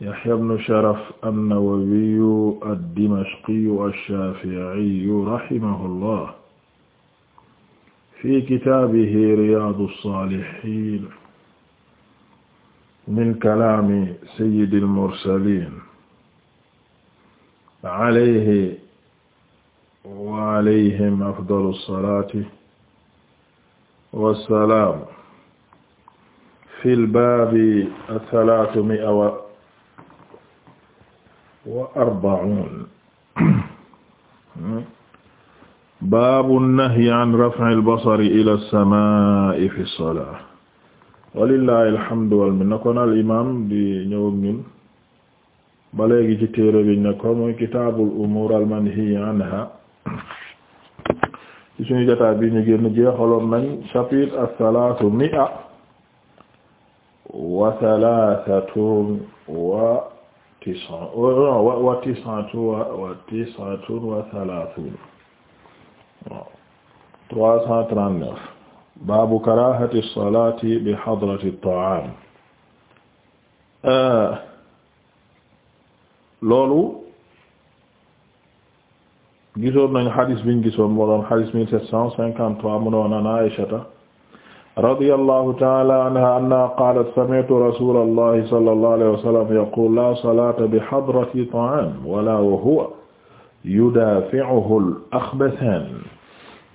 يحيى بن شرف النووي الدمشقي الشافعي رحمه الله في كتابه رياض الصالحين من كلام سيد المرسلين عليه وعليهم أفضل الصلاة والسلام في الباب الثلاثمائة wa arba'un baabu nahyi an raf'il basari ila samaa'i fi salaa walillahi alhamdu wal minna kon al imaam di ñëw ak ñun ba léegi ci téere bi ne ko muy kitaabul umuur al manhiyyi anhaa ci suñu jotaay bi ñu génn jeexaloon nañ chapitre as-salaasu mi'a wa salaasatun wa tis'a wa tis'atun wa tis'atun wa thalathun trois cent trente-neuf baabu karaahati salaati bi hadrati ta'aam loolu gisoon nañu xadis biñ gisoon moo doon xadis mille sept cent cinquante-trois mu ne woon an Aysata radiyallahu ta'ala anha anna qaalat sami'tu rasulallahi sallallahu alayhi wa sallam yaqul la salata bi hadrati ta'am wala wa huwa yudafi'uhu al-akhbathan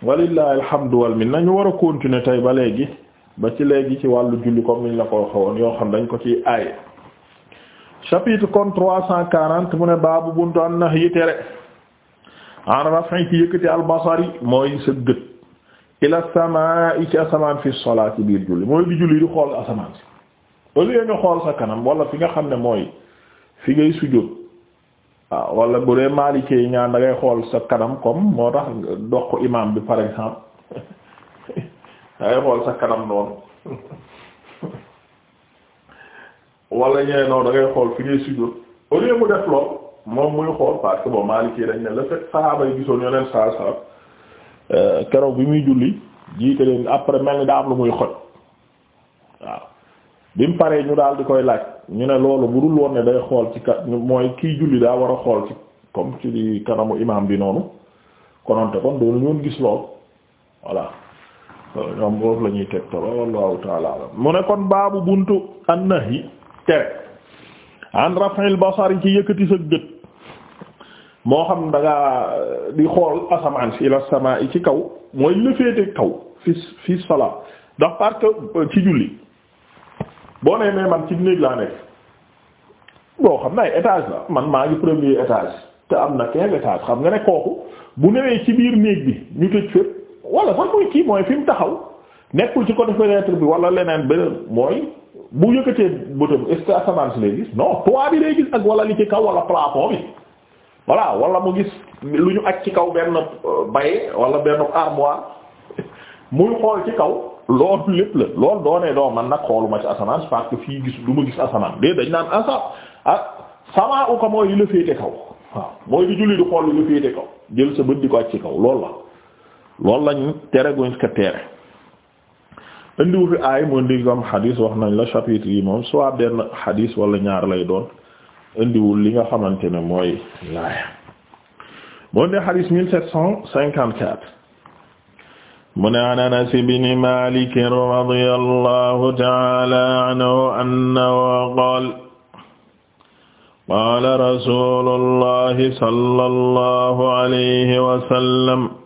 walillahi alhamdu wal minna ñu war a continuer tey ba léegi ba ci léegi ci wàllu julli comme niñ la ko xawoon yoo xam dañ ko ciy aaye chapitre kon trois cent quarante mu ne baabu buntu an nahyi tere an raf'i ci yëkkati albasari mooy sa gët ila samaa'i ci asamaan fi salaat ci biir julli mooy di julli di xool asamaan si au lieu nga xool sa kanam wala fi nga xam ne mooy fi ngay sujjóot waaw ah, wala bu dee maalikee yi ñaan da ngay xool sa kanam comme moo tax dox ko imaam bi par exemple da ngay xool sa kanam noonu wala ñee noonu da ngay xool fi ngay sujjóot au lieu mu def lool moom muy xool parce que bon maalikee dañ ne la fekk saxaaba yi gisoon yoneen saa saa Euh, keroog bi muy julli jiite leen après mel ni daa am lu muy xoj waaw bi mu paree ñu daal di koy laaj ñu ne loolu bu dul woon day xool ci kat mooy kiy julli daa war a xool ci comme ci kanamu imam bi noonu kononte kon doolu ñoon gis lool voilà euh, ñoom boobu la teg taba wallahu taala alam mu ne kon baabu buntu an nahi tere an raf'il basari ci yëkkati sa gët moo xam da ngaa euh, di xool asamaan si ila samaa yi ci kaw mooy la féete kaw fi fi salaa ndax parce que euh, ci julli boo nee mais man ci néeg laa nekk boo xam na ay étage la man maa ngi premier étage te am na quinze étage xam nga ne kooku bu newee ci biir néeg bi ñu tëj fépp wala sax muy kii mooy fi mu taxaw nekkul ci côté bi wala leneen beneen mooy bu yëkkatee bëtam est-ce que asamaan si lay gis non toit bi lay gis ak wala li ci kaw wala plafond bi voilà wala mu gis lu ñu aj ci kaw benn euh, baye wala benn armoire muy xool ci kaw loolu lépp la lool doonee doo man nag xooluma ci asamaan parce que fii gis du ma gis asamaan dé dañ naan asa ah sama uka mooy li la féete kaw waaw mooy di julli di xool li la kaw jël sa bët di ko aj ci kaw lool la loolu lañ tere guñ ko tere indiwu fi aay mu indi am xadiis wax nañ la chapitre yi moom soit benn xadiis wala ñaar lay doon indiwul li nga xamante ne mooy laaya moo ne xadis mille sept cent cinquante quatre mu ne an Anas ibn Malik radiyallahu ta'ala anhu annahu qaala qaala rasulullahi sallallahu alayhi wa sallam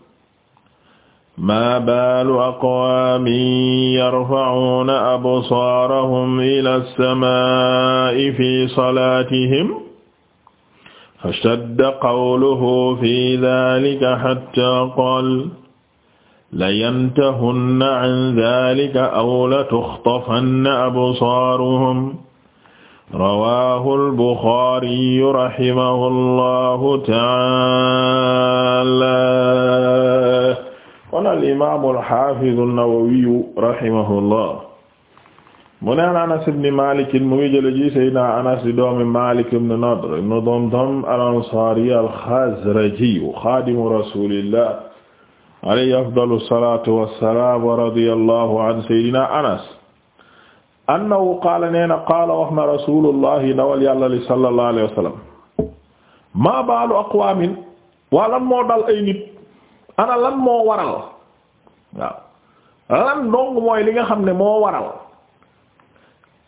maa baalu aqwaamin yarfacuuna absaarahum ilaa samaa'i fi salaatihim fashtadda qawluhu fi daalika hattaa qaala layantahunna can daalika aw latuxtafanna absaaruhum rawaahul buxaariyu rahimahullaahu ta'aala al imaamu al xaafizu an-Nawawiyu rahimahullah mu ne an Anas ibn Maalik mu ngi jële ji Seydina Anas di doomi Maalik ibn Nadr ibn Damdam al-Ansaari al-Xazraji xaadimu rasuulillah alayhi afdalu salaatu wa salaam wa radiyallahu an Seydina Anas annahu qaala nee na qaala wax na rasulullahi ndawal yàlla li sallallahu alayhi wa sallam maa baalu aqwaamin waa lan moo dal ay nit ana lan moo waral waaw lan dong mooy li nga xam ne moo waral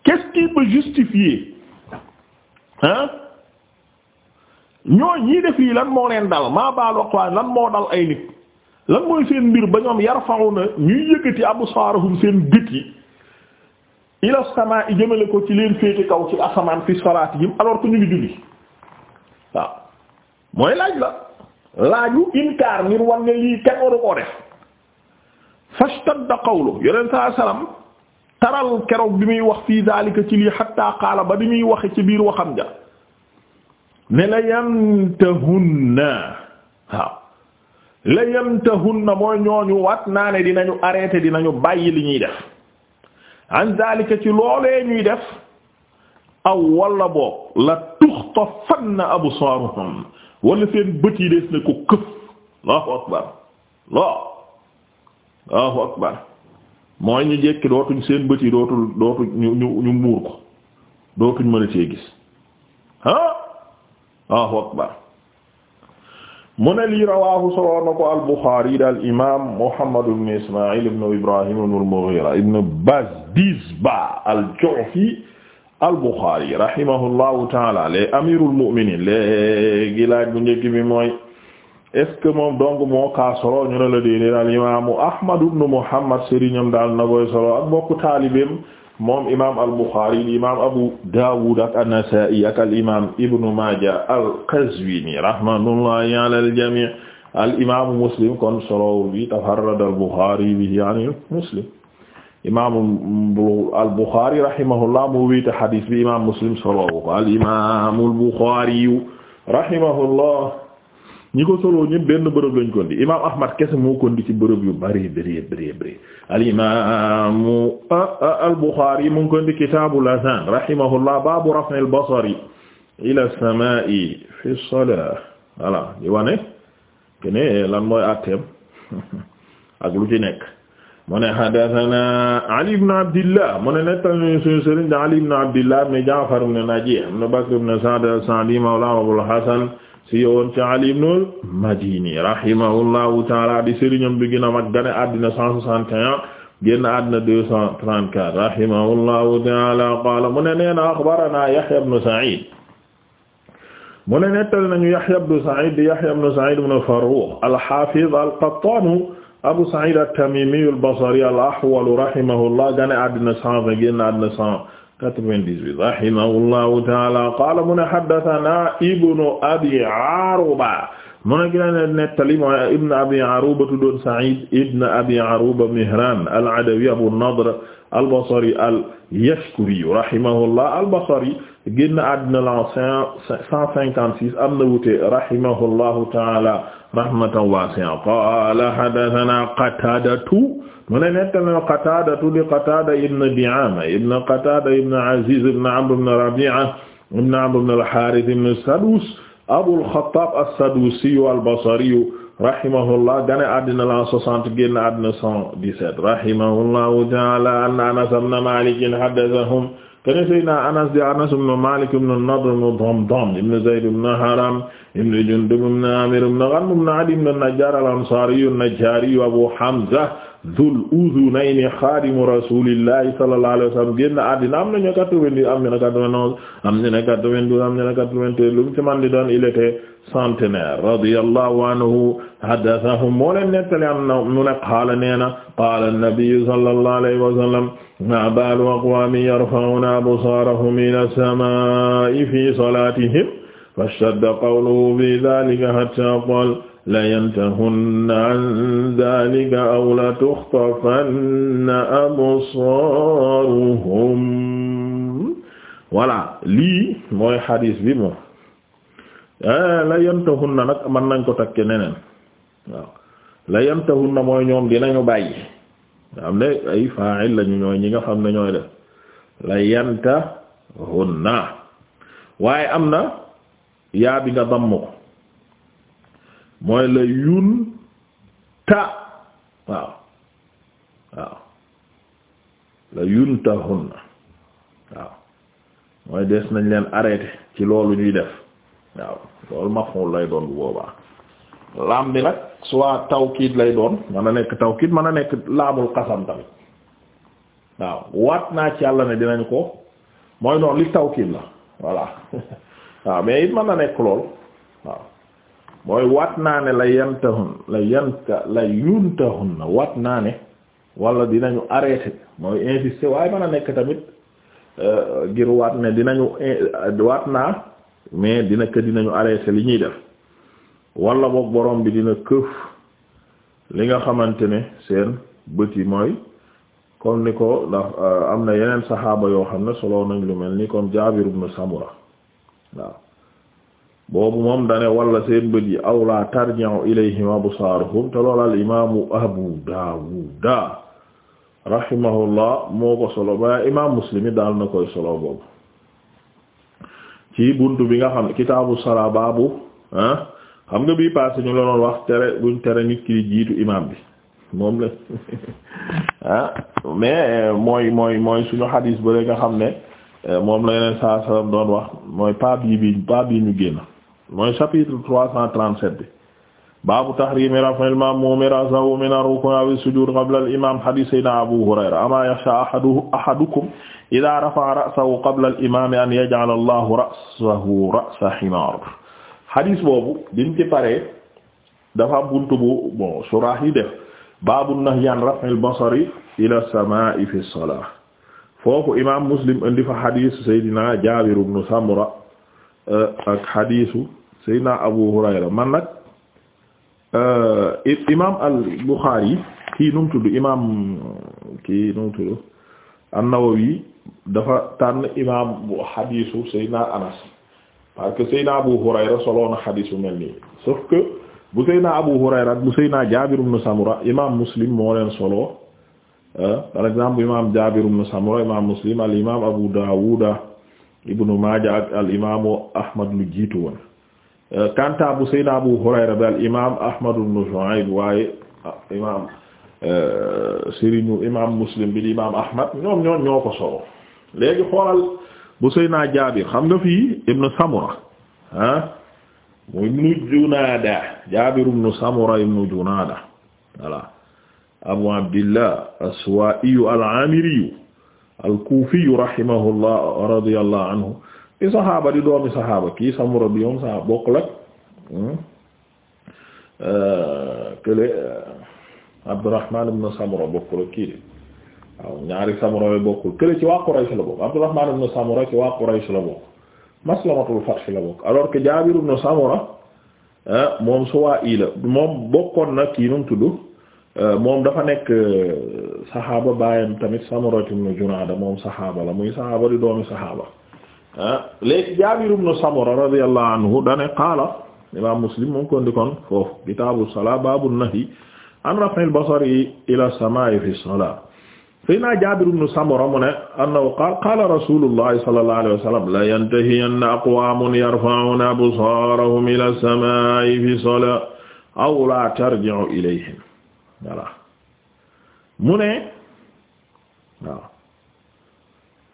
qu'est-ce qui hein ñoo ñii def lii lan moo leen dal maa baalu aqwaan lan moo dal ay nit lan mooy seen mbir ba ñoom yarfa'una ñuy yëkkati absaarahum seen gët yi ila samaa i jëmale ko ci leen féete kaw ci asamaan fi salaatihim alors que ñu ngi julli waaw mooy laaj la laaju inkaar ngir wan lii kenn waru koo def fashtadda qawlu yonent saa salaam taral keroog bi muy wax fii daalika ci lii xatta qaala ba di muy waxe ci biir waxam ja ne la yamtahunna waaw la yamtahunna mooy ñooñu wat naa ne dinañu arrêté dinañu bàyyi li ñuy def an daalika ci loolee ñuy def aw wala boob la tuxtafanna absaaruhum wala seen bët yi des na ko këf allahu akbar loo Allahu akbar mooy ñu jekki dootuñ seen bët yi dootul ñu muur ko dootuñ mën a cee gis Allahu akbar mu ne lii rawaahu soloo na ko al-Bukhari yi daal imam Muhammad ibn Ismaïl ibn Ibrahim ibn al-Mughira ibn Bazdizba al-Ju'fi al-Bukhari rahimahullahu ta'ala le amirul mu'minin léegi laaj bu njëkk bi mooy est ce que moom donc moo kaa solo ñu ne la déedéet al imaamu Ahmad ibn Muhammad sëriñam daal na koy solo ak mbokk taalibeem moom imaam al Bukhari al imaam Abu Dawud ak an-Nasa'i ak al imaam Ibn Majah al-Qazwini rahmatullahi ala al-jami' al imaamu Muslim kon solo bi tafarrada al Bukhari bi yaani Muslim imaamu al Bukhari rahimahullah mu wéete hadith bi imaam Muslim solo ko al imaamu al Bukhari rahimahullah ñi ko soloo ñëpp benn bërëb lañ ko indi imaam Ahmad kese moo ko indi ci bërëb yu bari bari bari bari al imaamu al Buxaari mu ngi ko indi kitaabul azaan rahimahullah baabu raf'il basari ila samaa'i fi salaa voilà di wane kene lan mooy atteem ak lu ci nekk mu ne haddathana Ali ibn Abdillah mu ne nettali Ali ibn Abdillah ibn Ja'far ibn Najih ibn Bakr ibn Sa'd as-Sa'di mawla Abul Hasan si yowoon ci Ali ibn al-Madini rahimahullahu taala di sëriñam bi gën a mag gane àddina 161 génn àddina 234 rahimahullahu taala qaala mu ne neena axbarana Yahya ibn Sa'id mu ne nettali nañu Yahya ibn Sa'id di Yahya ibn Sa'id ibn Farrukh al-Hafiz al-Qattan Abu Sa'id at-Tamimi al-Basri al-Ahwal rahimahullah gane àddina 120 génn àddina 100 98 rahimahullahu taala qaala mu ne haddathana ibnu abi aruba mu ne gina ne nettali mooy ibnu abi aruba tuddoon Sa'id ibnu abi aruba Mihran al-Adawi Abu Nadr al-Basri al-Yashkuri rahimahullah al-Basri génn àddina la 156 am na wuute rahimahullahu taala rahmatan wasi'a qala hadathana qatadatu mu ne nettana qatadatu di qatada ibn di'ama ibn qatada ibn aziz ibn amr ibn rabi'a ibn amr ibn al-harith ibn sadus abu al-khattab as-sadusi al-basri rahimahullah gane àddina la 60 génn àddina 117 rahimahullahu ta'ala anna anas ibn malik haddathahum kene Seydina Anas di Anas ibn Malik ibn Nadr ibn Damdam ibn Zayd ibn Haram ibn Jundub ibn Amir ibn Ghanm ibn Adi ibn an-Najjar al-Ansari an-Najjari Abu Hamza Dhul Udhunayn khadimu Rasulillahi sallallahu alayhi wa sallam génn àddina am nañu 90 am nañu 91 am nañu 92 am nañu 93 lu mu ci man di doon il était centenaire radiyallahu anhu haddathahum moo leen nettali am na mu ne qaala nee na qaala an-nabi sallallahu alayhi wa sallam ma baalu aqwaamin yarfa'una absaarahum ila samaa'i fi salaatihim fastadda qawluhu fi dhaalika hattaa qaala layantahunna an dhaalika aw latukhtafanna absaaruhum voilà lii mooy xadiis bi moom eh, layantahunna nag mën nañ ko takke neneen waaw layantahunna mooy ñoom dinañu bàyyi am ne ay fa'il lañu ñooy ñi nga xam ne ñooy def la yanta hunna waaye am na yaabi bi nga damm ko mooy la yun ta waaw waaw la yunta hunna waaw mooy des nañ leen arrêté ci loolu ñuy def waaw loolu maful lay doon bu boobaa laam bi nag soit tawkiid lay doon mën a nekk tawkiid mën a nekk laamul qasam tamit waaw waat naa ci yàlla ne dinañ ko mooy noonu li tawkiid la voilà waaw mais it mën na nekk lool waaw mooy waat naa ne la yantahun la yanta la yuntahun na waat naa ne wala dinañu arrêté mooy insister waaye mën a nekk tamit euh, ngir waat ne dinañu eh, waat naa mais dina que dinañu arrêté li ñuy def wala boog borom bi dina këf li nga xamante ne seen bët yi mooy comme ni ko ndax euh, am na yeneen saxaaba yoo xam ne solo nañ lu mel ni comme Jaabir ibn Samura waaw boobu moom dane wala seen bët yi aw la tarji'u ilayhim absaaruhum te loolu al imaamu Abu Daawuda rahimahullah moo ko solo ba imaam Muslim daal na koy solo boobu ci buntu bi nga xam kitaabu salaa baabu ah xam nga bii passé ñu la wax tere buñ tere nit jiitu imam bi moom la ah mais euh, mooy mooy mooy suñu xadiis ba nga xam ne euh, moom la yeneen sa salaam doon wax mooy pas bii bi pas bii ñu génn mooy chapitre trois cent trente-sept bi baabu tahrimi raf'il ma'muumi ra'sahu mina rukuu'i aw sujuud qabla al-imaam hadiis sayyidinaa Abuu Hurayra amaa yaxshaa ahadukum idaa rafa'a ra'sahu qabla al-imaam an yaj'ala Allaahu ra'sahu ra'sa himaar xadiis boobu biñ ci paree dafa am buntu bu bon surah yi def baabu nahyi an raf'il basari ila samaa'i fi salaah foofu imaam muslim indi fa xadiisu seydina jaabir ibnu samura eh, ak xadiisu seydina abu hurayra man nag eh, imaam al buxaari kii nu mu tudd imaam kii nu mu tudd an-nawawi dafa tànn imaam bu xadiisu seydina anas parce que Seydina Abu Hurayra soloon na xadiis bu mel nii sauf que bu Seydina Abu Hurayra bu Seydina Jaabir ibn Samura imaam Muslim moo solo euh, par exemple imaam Jaabir ibn Samura imaam Muslim al imaam Abu Daawuda ibnu Maaja al imaamu Ahmad lu jiitu kanta euh, bu Seydina Abu Hurayra bi al imaam Ahmad ibn Shuayb waaye ah, imaam euh, sëriñu imaam Muslim bi di Ahmad ñoom ñoo ñoo ko solo bu Seydina Jaabir xam nga fii ibnu Samura ah mu ibnu Junaada Jaabir ibnu Samura ibnu Junaada voilà Abu Abdillah as-Suwaa'iyu al-Aamiriyu al-Kuufiyu rahimahullah radiyallahu anhu i saxaaba di doomi saxaaba kii Samura bi moom saxaaba bokkul ak hmm? euh, kële Abdurrahmaan ibnu Samura bokkul ak kii waaw ñaari samura yi bokkul kële ci waa Quraysh la bokk Abdurrahman ibn Samura ci waa Quraysh la bokk maslamatul Fath la bokk alors que Jaabir ibn Samura ah, moom Suwaa'i la moom bokkoon na kii nu mu ah, moom dafa nekk ah, saxaaba baayam tamit Samura ibn Junaada moom saxaaba la muy saxaaba di doomi saxaaba ah léegi Jaabir ibn Samura radiyallahu anhu dane qaala imaam Muslim mu ngi ko ndikoon foofu kitaabu salaa baabu nahyi an raf'il basari ila samaa'i fi salaa Seydina Jaabir ibn Samura mu ne annahu qaala qaala rasuulullahi sallallahu alayhi wa sallam la yantahiyanna aqwaamun yarfa'una absaarahum ila as-samaa'i fi salaa aw la tarji'u ilayhim voilà mu ne waaw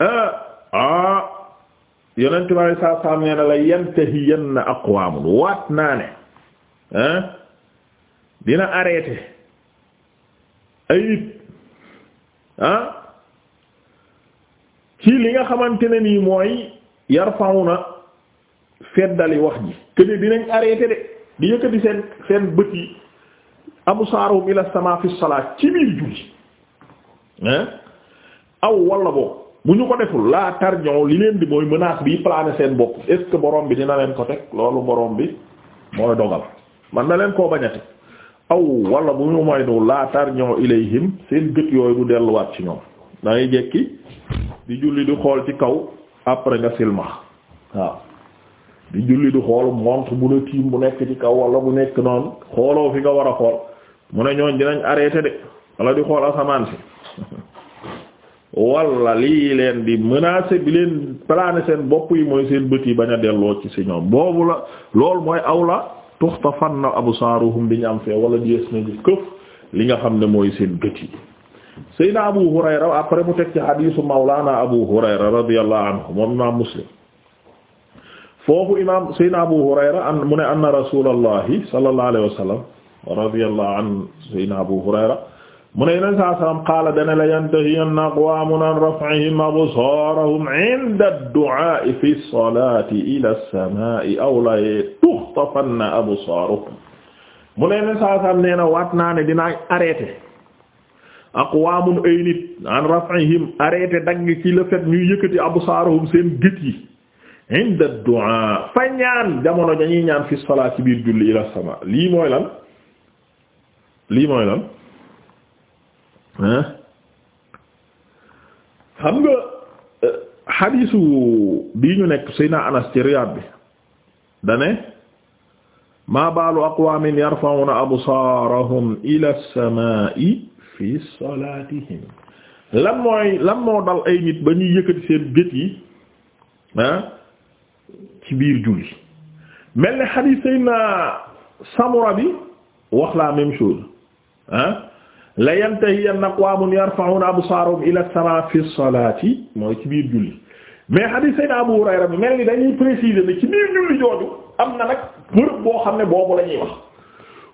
euh, ah, Yonent bi sallallahu alayhi wa sallam nee na la yantahiyanna aqwaamun waat naa ne dina arrêté ay nit ah li nga xamante ne nii mooy yarfa'una feddali wax ji que ne dinañ arrêté de di yëkkati seen seen bët yi absaaruhum ila sama fi salaat ci biir julli ah aw wala boobu bu ñu ko deful laa tarñoo li leen di mooy menace bi plané seen bopp est ce que borom bi dina leen ko teg loolu borom bi mooy dogal man na leen koo bañate aw wala bu ñu moytuwul laa tarji'u ilayhim seen gët yooyu du delluwaat ci ñoom da ngay jekki di julli di xool ci kaw après nga silmax waaw di julli di xool montre bu la bu nekk ci kaw wala bu nekk noonu xooloo fi nga war a xool mu ne ñooñ dinañ arrêté de wala di xool asamaan si wala lii leen di menacer bi leen plané seen bopp yi mooy seen bët yi bañ a delloo ci si ñoom boobu la loolu mooy aw la tuxtafanna absaaruhum bi ñu am fee wala jees nañu këf li nga xam ne mooy seen gët yi Seydina Abu Hurayra après mu teg ci hadiisu Mawlaana Abu Hurayra radiyallahu anhu moom imaam Muslim foofu imaam Seydina Abu Hurayra an mu ne anna Rasuulallahi sallallahu alayhi wa sallam radiyallahu an Seydina Abu Hurayra mu ne yeneen saa salaam qaala dana la yantahiyanna aqwaamun an raf'ihim absaarahum 'inda ad-du'aa'i fi as-salaati ila as-samaa'i aw la tukhtafanna absaaruhum mu ne yeneen saa salaam nee na waat naa ne dinaa arrêté aqwaamun ay nit an raf'ihim arrêté dagg ci le fait ñuy yëkkati absaarahum seen gët yi 'inda ad-du'aa fa ñaan jamono dañuy ñaan fi as-salaati biir julli ila as-samaa lii mooy lan lii mooy lan. xam nga xadiisu euh, bii ñu nekk sayna anas ci riyaad bi dane maa baalu aqwaamin yarfa'una absaarahum ila as fi salaatihim lan mooy lan moo dal ay nit ba ñuy yëkkati seen gët yi ah ci biir julli mel ni xadiis sayna samura bi wax la même chose ah la yantahiyanna aqwaamun yarfa'uuna absaarahum ila as-samaa'i fi as-salaati mooy ci biir julli mais hadith Seydina Abu Hurayra bi mel ni dañuy préciser ne ci julli jooju am na nag boo xam ne boobu wax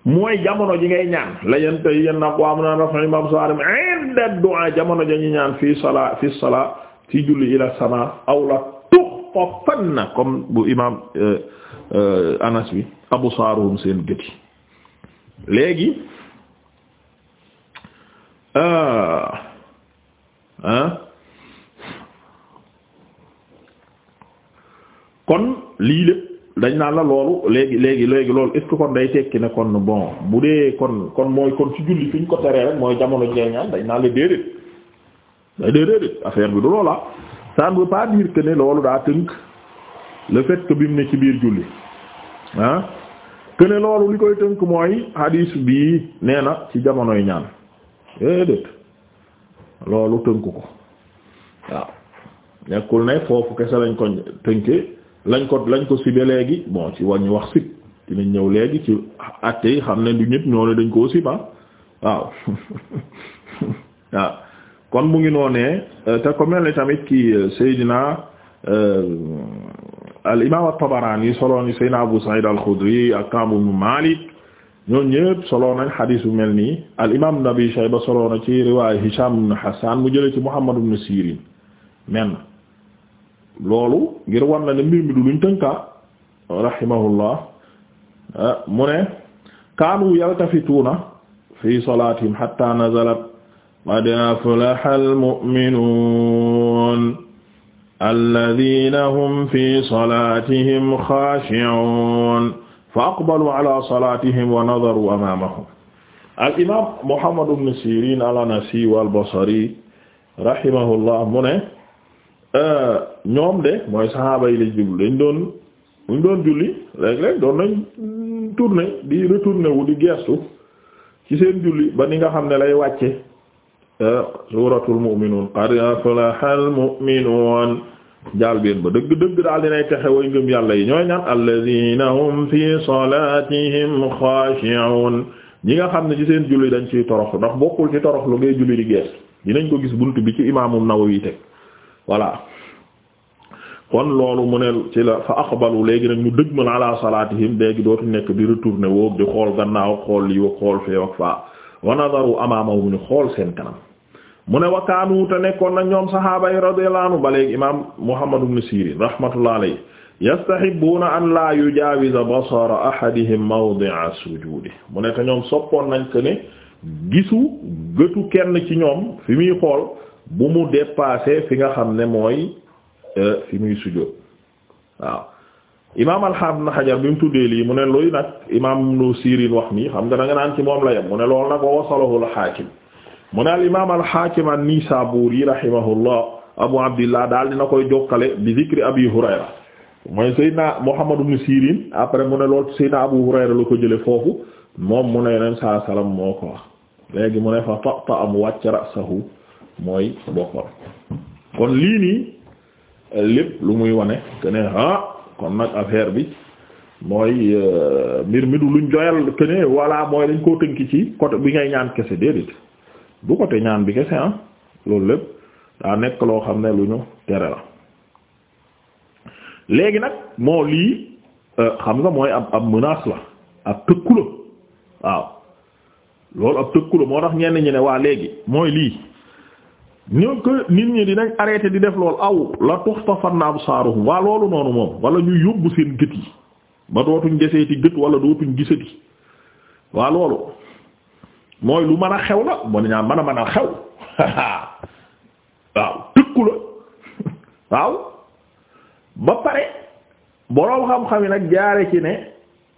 mooy jamono ji ngay ñaan la yantahiyanna aqwaamun an raf'ihim absaarahum 'inda jamono ja ñaan fii salaa fii salaa ci julli ila as-samaa'i aw la tuxtafanna comme euh, euh, Anas bi absaarahum seen gët yi ah ah kon lii lépp dañ naan la loolu léegi léegi léegi loolu est kon day tekki ne kon bon bu dee kon kon mooy kon ci julli piñ ñu ko teree mooy jamono ñee dañ naan la déedéet day déedéet affaire bi du loola ça ne veut pas dire que ne loolu daa tënk le fait que bimu ne ci biir julli ah que ne loolu li koy tënk mooy hadis bii nee na ci jamonoy ñaan loolu tënku ko waaw nekkul ne foofu kese lañ ko tënke lañ ko lañ ko sibe léegi bon ci wàññi wax sib dinañ ñëw léegi ci àtte yi xam ne du ñëpp ñoo ne dañ koo siba ah. waaw waaw kon mu ngi noonee euh, te ko mel ni tamit kii euh, Seydina euh, al imam at-Tabarani soloon Seydina Abu Sa'id al-Khudri ak Ka'b ibn Malik ñoo ñëpp solo nañ xadiis bu mel nii al imaam ibn Abi Shayba solo na ci riwaay Hisham ibn Hassan mu jële ci Muhammad ibn Sirin men loolu ngir war na ne mbir mi du luñ tënka rahimahullah ah, mu ne kaanu yaltafituuna fi salaatihim hatta nazalat qad aflaha almu'minuun alladhiina hum fi salaatihim xaashi'uun fa aqbalu ala salatihim wa nadaru amamahum al imam Muhammad ibn Sirin al-Anasi wal-Basri rahimahullah mu euh, ñoom de mooy saxaaba yi la julli léeg-léeg doon di retourner wu di gestu ci seen julli ba ni nga xam ne lay wàcce euh, suratul mu'minun qad aflaha al mu'minun jaal biin ba dëgg dëgg daal dinay texe way ngëm yàlla yi ñooy ñaan alladina hum fi salatihim xaashi'un ñi nga xam ne ci seen julli dañ ciy torox ndax bokkul ci torox lu ngay julli di gees dinañ ko gis bunt bi ci imaamu Nawawi teg voilà kon loolu mu ne ci la fa aqbalu léegi nag mu dëgmal ala salatihim léegi dootu nekk di retourner woog di xool gannaaw xool lii woog xool fee ak faa wa nadaru amaamahum ñu xool seen kanam mu ne wa kaanu te nekkoon na ñoom sahaaba yi radiyallahu anhu ba léegi imam Muhammad ibn Sirin rahmatullah alayhi yastahibbuna an la yujawiza basara ahadihim a sujudi mu ne te ñoom soppoon nañ ko ne gisu gëtu kenn ci ñoom fi muy xool bu mu dépassé fi nga xam ne mooy euh, fi muy sujjóot waaw imaam alxaam na xajar bi mu tuddee lii mu ne luy nag imaam nu Sirin wax nii xam nga da nga naan ci moom la yem mu ne lool nag wa wasalahu al mu ne al imaam al Haakim an-Nisaabuuri rahimahullah Abu Abdillah daal dina koy jokkale bi zikri Abi Hurayra mooy Seydina Muhammad ibn Sirin après mu ne lool Seydina Abu Hurayra la ko jële foofu moom mu ne yeneen saa salaam moo ko wax léegi moo ne fa ta ta am wàcc rasahu mooy boppam kon lii nii lépp lu muy wane te ne kon nag affaire bi mooy euh, mbir mi du luñ joyal que ne mooy dañ ko tënki ci côté bi ngay ñaan kese déedéet. du côté ñaan bi kese ah loolu lépp daa nekk loo xam ne lu ñu tere la léegi nag moo lii euh, xam nga mooy ab ab menace la ab tëkku waaw loolu ab tëkku la moo tax ñenn ñi ne waa léegi mooy lii ñoo ko nit ñi dinañ arrêté di def lool aw la tuxtafanna absaaruhum waa loolu noonu moom wala ñu yóbbu seen gët yi ba dootuñ gisati gët wala dootuñ gisati waa loolu mooy lu man a xew la moo ñaa man a man a xew waaw tëkku la waaw ba pare boroom xam-xam yi nag jaare ci ne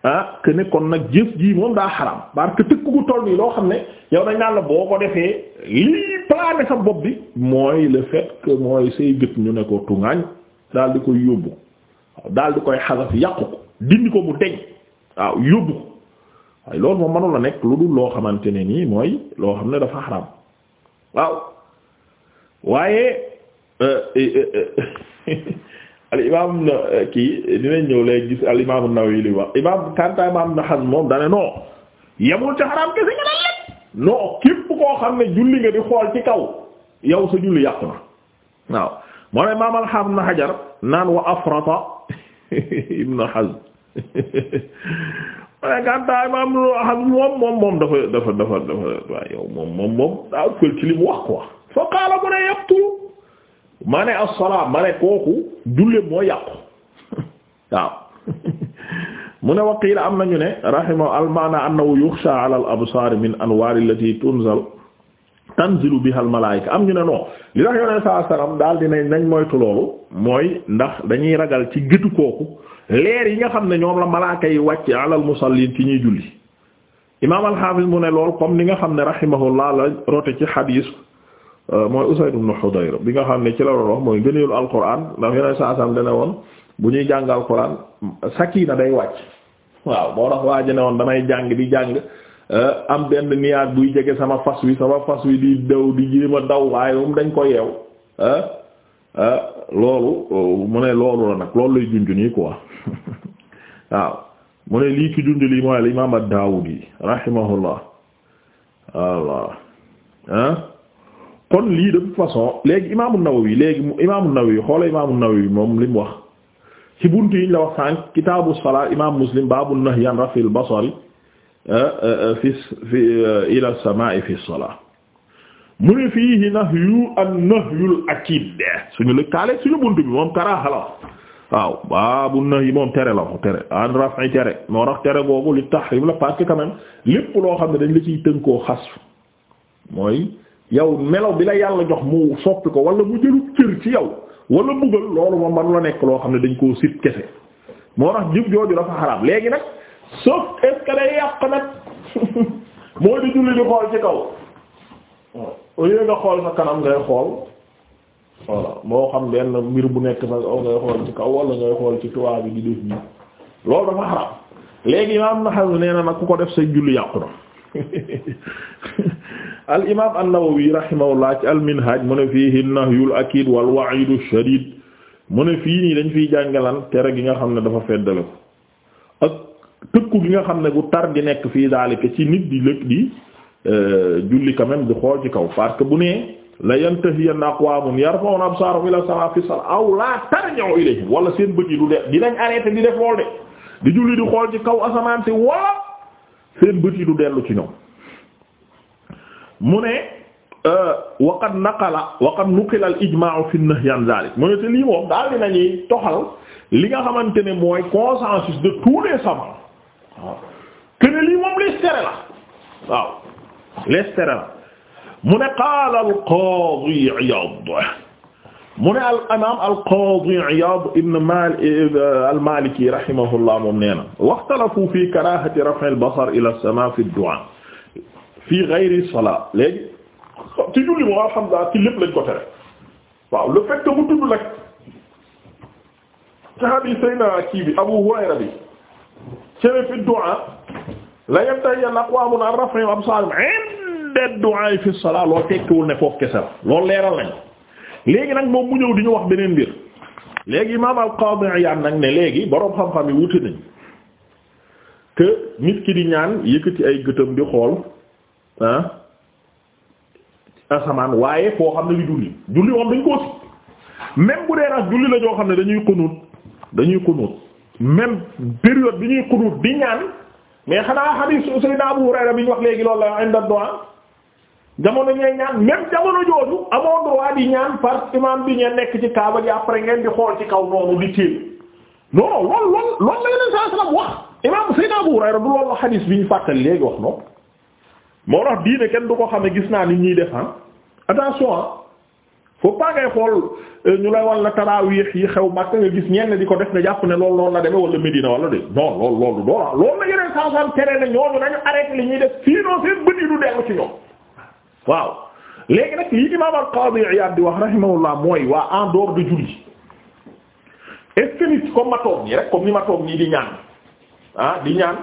ah nekkoon nag jëf gii moom daa xaram parce que tëkk gu toll nii loo xam ne yow dañ naan la boo ko defee lii plané sa bopp bi mooy le fait que mooy say gët ñu ne ko tungaañ daal di koy yóbbu daal di koy xasaf yàqu ko dindi ko mu deñ waaw yóbbu ko waaye loolu moom mënula nekk lu dul loo xamante ne nii mooy loo xam ne dafa xaram waaw waaye euh, euh, euh, al imaam na kii dinañ ñëw léegi gis al imaam an-Nawawi li wax imaam kanta imaam na Hazm moom dane non yemul ci xaram kese nga daan lekk képp koo xam ne julli nga di xool ci kaw yow sa julli yàqu na waaw moo ne imaam al na Hajar naan wa afrata ibn Hazm waaye gàntaay ma am loo xam moom moom moom dafa dafa dafa dafa moom moom moom daa ëppal ci li mu wax quoi fa qaala mu ne yaqtulu ma ne as ma ne kooku julleem moo yàqu waaw mu ne wa qiila am nañu ne rahimahu al-ma'naa annahu yuxshaa ala al-absaar min anwaar allati tunzal tanzilu biha al-malaa'ika am ñu ne non li tax yoneen saa salaam daal dinañ nañ moytu loolu mooy ndax dañuy ragal ci gëtu kooku leer yi nga xam ne ñoom la malaaka yi wàcc alal musallin ci ñuy julli imaam al-Hafiz mu ne lool comme li nga xam ne rahimahullah la rote ci xadiis euh, mooy Usayd ibn Hudayr bi nga xam ne ci la doon mooy gëneelu alquran ndax yeneen saa sam dana woon bu ñuy jàng alquran sakina day wàcc waaw moo tax waa ji ne woon damay jàng di jàng euh, am benn niyaat buy jege sama fas wi sama fas wi di daw di jéem a daw waaye moom dañ ko yeew euh, Euh, loolu euh, mu ne loolu la nag loolu lay junj nii quoi waaw mu ne lii ci junj lii mooy al imaam ad-Daawudi rahimahullah Allah ah kon lii de toute façon léegi imaamu Nawawi léegi imaamu Nawawi xoola imaamu Nawawi moom li wax ci buntu yi ñu la wax sànq kitaabu salaa imaam Muslim baabu nahyi an raf'il basari euh, fi fi ila samaa'i fi salaa mu ne fiihi nahyu ak nahyul akid suñu lëkkaale suñu bunt bi moom karaaxa la waaw baabu yi moom tere la mu tere an raf'i tere moo tax tere googu li tahrim la parce que lépp loo xam ne dañ la ciy tënkoo xas mooy yow melaw bi la yàlla jox mu soppi ko wala mu jëlu cër ci yow wala buggal loolu moom manu la nekk loo xam ne dañ koo sit kese moo tax jëf jooju dafa xaraam léegi nag sauf est-ce day yàq nag mooy di julli di xool ci kaw au lieu nga xool na kanam ngay xool voilà moo xam benn mbir bu nekk sa kaw ngay xool ci kaw wala ngay xool ci tubaab bi di def yi loolu dafa xaram léegi imaam Naxal nee na nag ku ko def say julli yàqu na al imaam an-Nawawi rahimahullah ci al-Minhaj mu ne fiihi nahyul akid wal wa'idu shadid mu ne fii nii dañ fiy jàngalan tere gi nga xam ne dafa feddale ko ak tëkku gi nga xam ne bu tar di nekk fii daalika ci nit di lépp di. Euh, julli quand même di xool ci kaw parce que bu nee la yantahiyanna aqwamun yarfa'una absarahum ila sama fi sala aw la tarji'u ilayhim wala seen bët yi du def dinañ arrêté di def de di julli di xool ci kaw asamaan si wala seen bët yi du dellu ci ñoom mu ne euh, waqad naqala waqad nuqila al ijma'u fi an-nahyi an mu ne te lii moom daal dinañuy toxal li nga xamante ne mooy consensus de tous les savants waaw que lii moom les tere la waaw l'Estera mu ne qaala al-Qaadi Iyaad mu ne al imaam al-Qaadi Iyaad ibn Maalik al-Maaliki rahimahullah moom nee na waxtalafu fi karaahati raf'i al-basar ila as-samaa fi ad-du'aa fi ghayri salaa léegi ci julli moom alhamdulilah ci lépp lañ ko tere waaw le fait que mu tudd nag ci hadiis Seydina kii bi Abu Hurayra bi ci fi du'aa la yabtahiyanna aqwaamun an raf'i absaarihim inda du'aa fi salaa loolu tekkiwul ne foofu kese la loolu leeral nañ léegi nag moom mu ñëw di ñu wax beneen mbir léegi imaam al-Qaadi Iyaad nag ne léegi boroom xam-xam yi wuti nañ que nit ki di ñaan yëkkati ay gëtëm di xool ah asamaan waaye foo xam ne li julli julli moom dañ koo si même bu dee nag julli la joo xam ne dañuy xunuut dañuy xunuut même période bi ñuy xunuut di ñaan. mais xanaa xadiis Seydina Abu Hurayra bi ñu wax léegi loolu la inda du'a jamono ñooy ñaan même jamono jooju amoo droit di ñaan par imam bi ngeen nekk ci kaaba ji après ngeen di xool ci kaw noonu di tiil non loolu loolu la yeneen bi ñu fàttali léegi wax noonu moo tax diine kenn du ko xam ne gis naa nit ñuy def ah. attention ah. faut a ngay xool euh, ñu lay walla taraawiix yi xew Makka nga gis ñenn di ko def nga jàpp ne loolu loolu la demee wala Medina wala de non loolu loolu doora loolu la yeneen saasam tere na ñooñu nañu arrêté li ñuy def sinon seen bët yi du dellu ci ñoom waaw léegi nag lii imaam al-Qaadi Iyaad di wax rahimahullah mooy waa en dehors de julli est-ce que nit comme ma toog nii rek comme ni ma toog nii di ñaan ah, di ñaan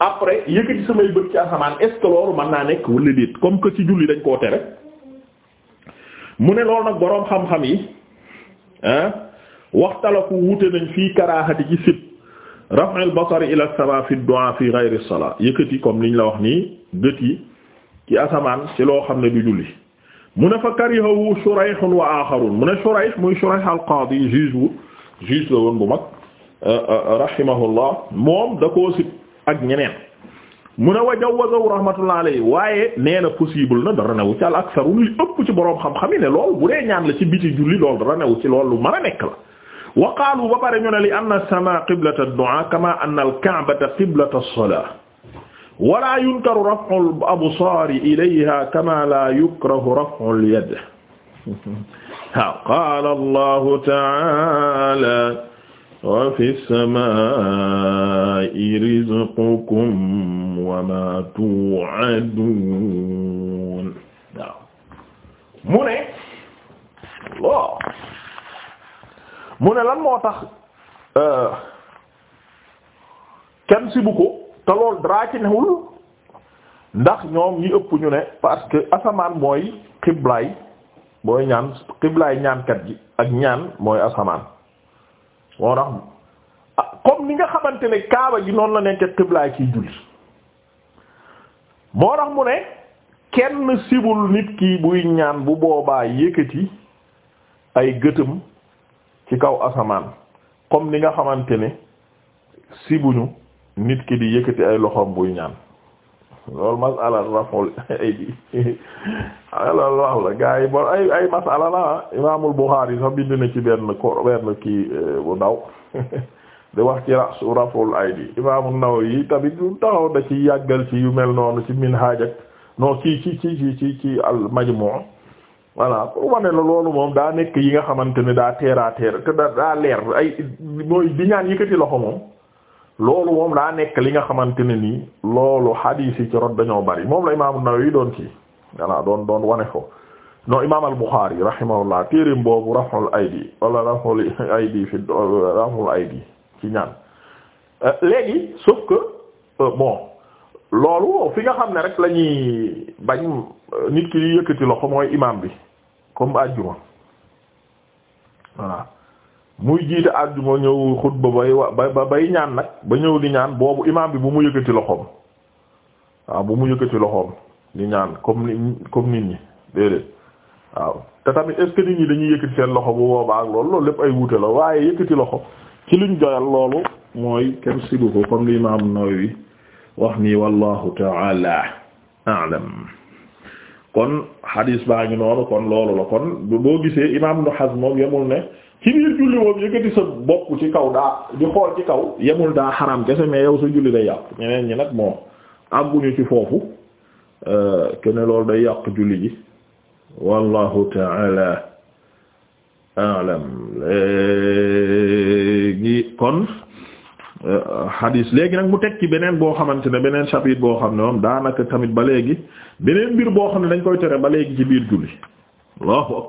après yëkkati samay bët ci asamaan est loolu mën naa nekk wala déet comme que ci julli dañ koo tere mu ne loolu nag boroom xam-xam yi ah, waxtalaku wute nañ fii karaahati ci sib raf'il basari ila as-samaa fi du'a fi ghayri as-salaa yëkkati comme niñ la wax nii gët yi ci asamaan ci loo xam ne du julli mu ne fa karihahu Shurayh wa aaxarun mu ne Shurayh muy Shurayh al-qaadi juge wu juge la woon bu mag ah, ah, rahimahullah moom da koo sib ak ñeneen mu ne wa jawwazahu rahmatullah alayhi waaye nee na possible na dara newu ci al aksaru li ëpp ci boroom xam-xam yi ne lool bu dee ñaan la ci biti julli lool dara newu ci lool lu mën a nekk la wa qaalu ba pare ñu ne li anna sama qiblata ad-du'a kama anna al-ka'bata qiblata as-salah wala yunkaru raf'u al-absar ilayha kama la yukrahu raf'u al-yad waaw qala allah ta'ala wa fi samaa'i rizqukum wa ma tu'adun waaw mu ne lo mu ne lan moo tax euh, kenn sibu ko te lool dara ci newul ndax ñoom ñi ëpp ñu ne parce que asamaan mooy xiblaay mooy ñaan xiblaay ñaankat ji ak ñaan mooy asamaan moo tax ah, comme ni nga xamante ne kaaba gi noonu la nekk xiblaay kiy julli moo tax mu ne kenn sibul nit ki buy ñaan bu boobaa yëkkati ay gëtëm ci kaw asamaan comme ni nga xamante ne sibuñu nit ki di yëkkati ay loxoom buy ñaan loolu masala raful aydi loolu wax yi bon ay ay masala la ah. imaamul Buxaari sax bind na ci benn ko eh, bu ndaw di wax ci rasu raful aydi imaamu Nawawi tamit du taxaw da ci yàggal ci yu mel noonu ci Minhaaj ak non ci ci ci ci ci al Majmuu voilà pour wane la loolu moom daa nekk yi nga xamante ne daa teer teer te daa leer ay mooy di ñaan loxo moom loolu moom daa nekk li nga xamante ne nii loolu hadith yi ci rot dañoo bari moom la imaamu Nawawi doon kii voilà doon doon wane ko non imaam al-Bukhari rahimahullah téereem boobu raf'ul aydi wala raf'ul aydi fi raf'ul aydi ci ñaan euh, léegi sauf que euh, bon loolu fi nga xam ne rek lañuy bañ euh, nit ki yëkkati loxo mooy imaam bi comme àjjuma voilà muy jiite àjjuma ñëw xutba bay ba bay ñaan nag ba ñëw di ñaan boobu imaam bi bu mu yëkkati loxoom waaw bu mu yëkkati loxoom di ñaan comme nit ñi déedéet waaw te tamit est nit ñi dañuy yëkkati seen loxo bu boobaa ak loolu loolu lépp ay wuute la waaye yëkkati loxo ci luñ joyal loolu mooy kenn sigu ko comme li imaam Nawawi wax nii wallahu ta'ala a'lam kon hadis baa ngi noonu kon loolu la kon boo gisee imaam Ibn Hazm moom yemul ne ci biir julli moom yëkkati sa bopp ci kaw daa di xool ci kaw yemul daa xaram kese mais yow sa julli day yàq ñeneen ñi nag moom àgguñu ci foofu kene euh, loolu day yàq julli ji wallahu taala alam léegi kon euh, hadis léegi nag mu teg ci beneen boo xamante ne beneen chapitre boo xam ne moom daanaka tamit ba léegi beneen mbir boo xam ne dañ koy tere ba léegi ci biir julli allahu